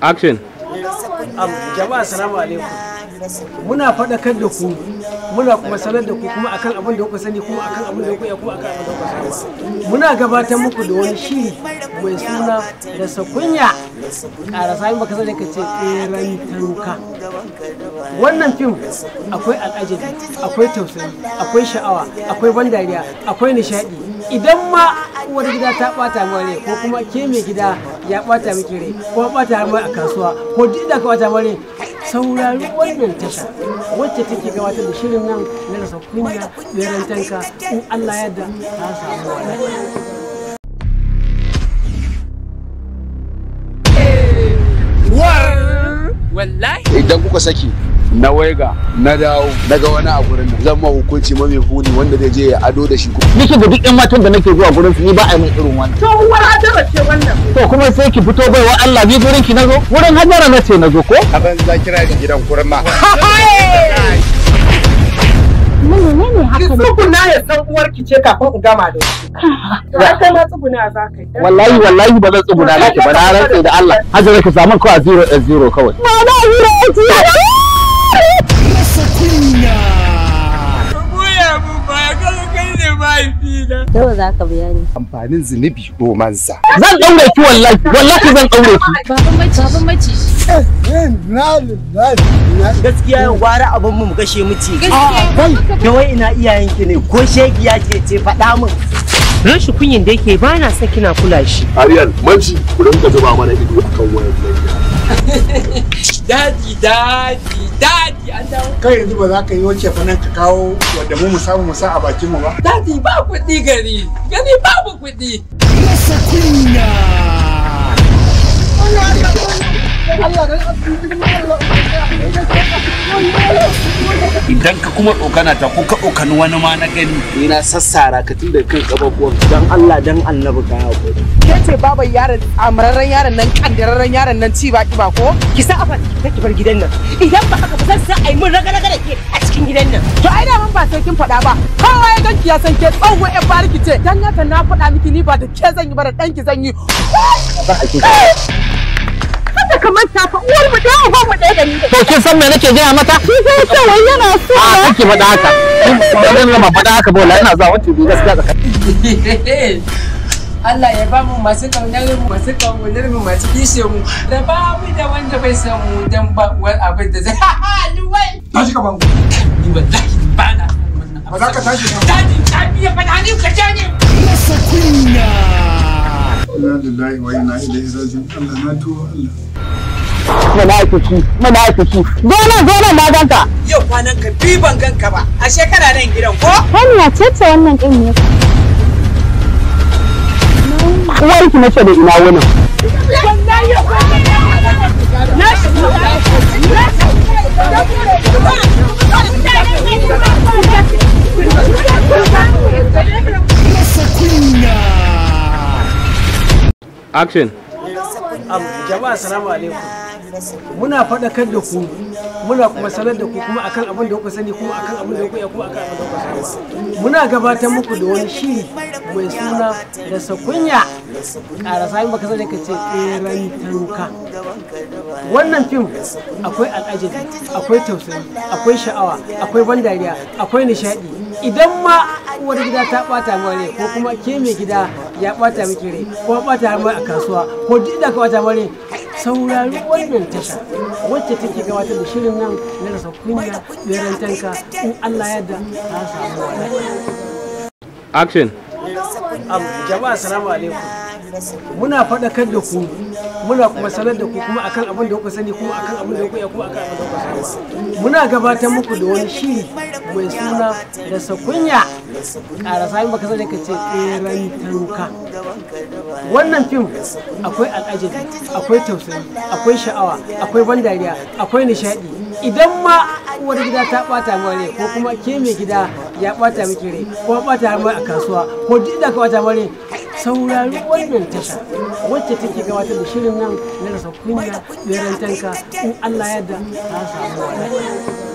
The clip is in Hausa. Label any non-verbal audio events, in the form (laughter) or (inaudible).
action jama'a salamu alaikum muna faɗakar da ku muna kuma sanar da ku kuma akan abin da kuka sani kuma akan abin da kuka kuma akan abin da kuka sani muna gabatar muku da wani shiri mai suna da sakunya ƙara sami baka sani ka ce ƙeran tanuka wannan fim akwai al'ajabi akwai tausayi akwai sha'awa akwai ban dariya akwai nishaɗi idan ma uwar gida ta ɓata mare ko kuma ke mai gida ya bata miki rai ko bata mai a kasuwa ko duk da ka bata mare saurari wannan tasha wacce take gabatar da shirin nan na rasa kunya da rantanka in Allah ya da ta samu wallahi idan kuka saki na waiga na dawo na ga wani a gurin nan zan ma hukunci mai muni wanda zai je ya ado da shi duka da duk yan matan da nake zuwa gurin su ni ba a yi min irin wannan to uwar hajara ce wannan to kuma sai ki fito wa Allah bi gurin ki nazo gurin hajara na ce nazo ko a ban za kira ni gidan kurma (laughs) menene ne haka Ki tsuguna ya san uwarki ce kafin in gama da shi ya kai ma tsuguna za ka yi wallahi wallahi ba zan tsuguna naki ba na rantsa da Allah hajara ka samu kawai 0 0 kawai ma na 0 Nawa za ka bayani? Amfanin zunubi romansa. Zan ɗaure ki wallahi, wallahi zan ɗaure ki. Baban maci, baban maci. Gaskiya yau gwara abin mu gashe mu ce. Gaskiya. Ah, Kawai ina iyayenki ne ko shegiya ce ce faɗa mun. rashin kunyin da yake ba na son kina kula shi Ariel, manci ku rinka zuba mana ido akan wayar daji daji daji an dawo kai yanzu ba za ka yi wace fa ka kawo wadda mu mu samu mu sa a bakin mu ba daji ba kuɗi gari gari babu kuɗi rasa kunya Allah idan ka kuma tsokana ta ko ka tsokani wani ma na gani ina sassara ka tun da kan kafafuwan dan Allah dan annabi ka hakuri ke ce baban yaron amararren yaron nan kandararren yaron nan ci baki ba ko ki sa afa ki bar gidan nan idan ba haka ba zan sa ai mun raga raga da ke a cikin gidan nan to ai da mun ba sai kin faɗa ba kowa ya ganki ya san ke tsawo ya bariki ce dan haka na faɗa miki ni ba da ke zan yi ba da danki zan yi manta fa uwar mu da uwar mu da ni to kin san me nake gaya mata ki sai ce yana so a kake faɗa haka ba zan ba faɗa haka ba wallahi ina za wace bi gaskiya ka (laughs) Allah ya ba mu masu kaunar masu kaunar masu kishe mu da ba mu da wanda bai san mu dan ba uwar abin da zai (laughs) ha luwai tashi ka bango ni wallahi ba na ba za ka tashi ka tashi tafi ya faɗa ni ka jani masa kunna Inna lillahi wa inna ilaihi raji'un Allah na tuwo Allah ake munafiki gona gona na ganka yau kwanan ka bi ban ganka ba a shekara nan gidan ko hanya ce ta wannan din ne uwar ki nace da ina wani Action. jama'a salamu alaikum muna faɗakar da ku muna kuma sanar da ku kuma akan abin da kuka sani kuma akan abin da kuka kuma akan abin da kuka sani muna gabatar muku da wani shiri mai suna da sakunya ƙara sami baka sani ka ce ƙeran tanka wannan fim akwai al'ajabi akwai tausayi akwai sha'awa akwai ban dariya akwai nishaɗi idan ma uwar gida ta ɓata ne ko kuma ke mai gida ya ɓata miki rai ko ɓata har a kasuwa ko duk da ka ɓata mare saurari wannan tasha wacce take gabatar da shirin nan na rasa kunya da tanka in Allah ya da ta samu action jama'a assalamu alaikum muna faɗakar da ku muna kuma sanar da ku kuma akan abin da kuka sani kuma akan abin da kuka kuma akan abin da kuka sani muna gabatar muku da wani shiri mai suna da sakunya karasa in baka sani ka ce tseren eh, tanuka wannan fim akwai al'ajabi akwai tausayi akwai sha'awa akwai ban dariya akwai nishadi idan ma uwar gida ta bata mare ko kuma ke mai gida ya bata miki rai ko bata mai a kasuwa ko duk da ka bata mare saurari wannan tasha wacce take gabatar da shirin nan na rasa kunya da rantanka in Allah yadda da ta samu